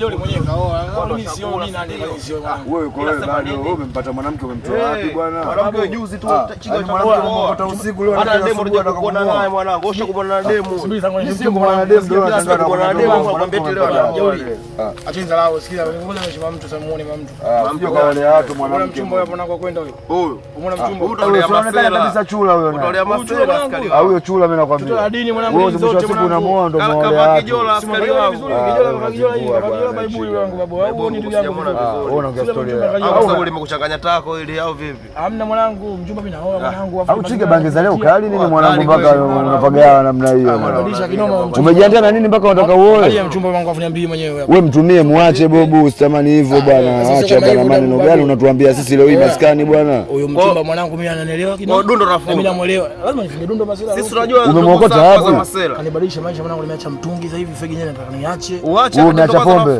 Joli mwenyewe kaoa. Mimi sio mimi nani sio mwanangu. Ah, wewe uko wewe bado wewe umempata mwanamke umemtoa eh, wapi bwana? Mwanamke juzi tu chinga cha bwana. Umempata usiku leo na demo ndio kuona naye mwanangu. Osha kuona na demo. Subiri sana mimi sio kuona na demo ndio nataka kuona na demo kwa mbeti leo na Joli. Acha dharau sikia ngoja mheshimiwa mtu samuone mama mtu. Ah, Mjua kwa wale watu mwanamke. Mchumba hapo nako kwenda huyo. Huyo. Umeona ah, mchumba huyo ndio mafela. Kabisa chula huyo. Ndio mafela askari. Huyo chula mimi nakwambia. Wewe zote mwanangu. Unamwoa ndio mwanangu. Kama kijola askari wangu. Kijola kijola hiyo limekuchanganya tako au vipi? Hamna mwanangu, mimi naoa ah. mwanangu. Au chike leo kali nini mwanangu, mpaka unapagaya namna hiyo? Ah, Umejiandaa na nini mpaka unataka uoe? Wewe mtumie, muache bobu, usitamani hivyo ah, bwana. Acha bwana, maneno gani unatuambia sisi leo hii maskani bwana? Huyo oh. mwanangu mimi ananielewa kidogo. Oh, dundo Mimi namuelewa. Lazima dundo masela. Sisi tunajua. Umemwokota wapi? Kanibadilisha maisha mwanangu, nimeacha mtungi sasa hivi fegi nyenye nataka niache. Uache. Umeacha pombe.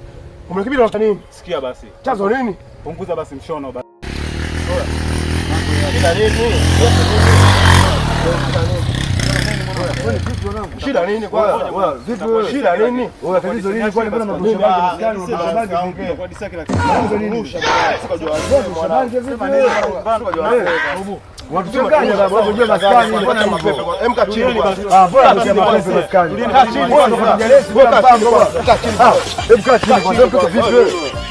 Umekimbia unataka nini? Sikia basi. chazo nini? Punguza basi mshono basi. Bora. Bila nini? Shida nini kwanza? Vipi shida nini? Wewe tatizo nini kwani mbona mnabusha maji maskani?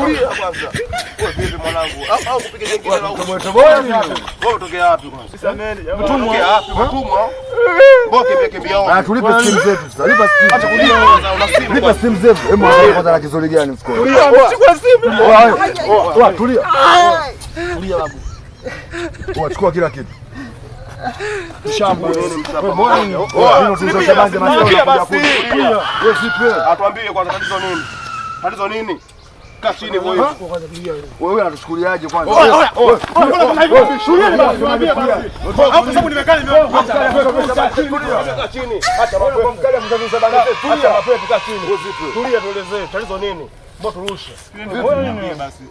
kulia kwanza. Wewe vipi mwanangu? Au kupige jengine au kutoboa nini? Wewe utokea wapi kwanza? Sameni. Mtumwa wapi? Mtumwa. Boke peke biao. Ah, tulipe simu zetu sasa. Lipa simu. Acha kulia kwanza una simu. Lipa simu zetu. Hebu angalia kwanza na kizuri gani mfuko. Tulia. Chukua simu. Wewe tulia. Tulia babu. Wewe chukua kila kitu. Atuambie kwanza tatizo nini? Tatizo nini? Kaa chini wewe. Wewe unatushukuriaje kwanza? Hapo sababu nimekaa nimeomba. Kaa chini. Acha mambo mkali mzalisha bana. Acha mambo yetu kaa chini. Tulia tuelezee, tatizo nini? Mbona turushe? Wewe nini basi?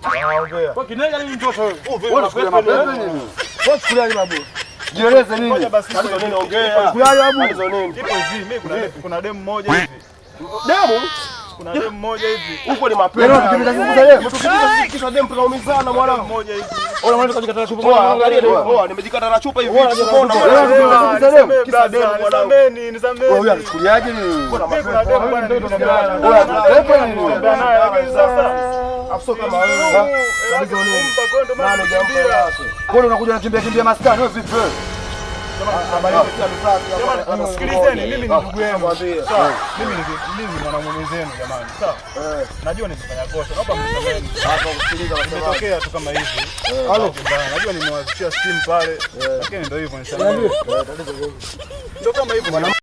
Ongea. Kwa kinega nini mtoto wewe? Wewe unakuja mapema nini? Wewe sikulia ni babu. Jieleze nini? Ngoja basi tatizo nini ongea. Sikulia babu. Tatizo nini? Kipo hivi, mimi kuna demu moja hivi. Demu? kuna dem mmoja hivi huko ni mapema. nimejikata na chupa hivi. unakuja unakimbia kimbia maskani wewe vipi wewe? Sikilizeni, mimi ni ah, ndugu yenu, ah. mimi ni mwanamume zenu jamani. Eh. Najua nimefanya kosa, imetokea tu kama hivi. Eh. Najua nimewazishia simu pale, eh. lakini ndio hivyo, ndio kama hivyo.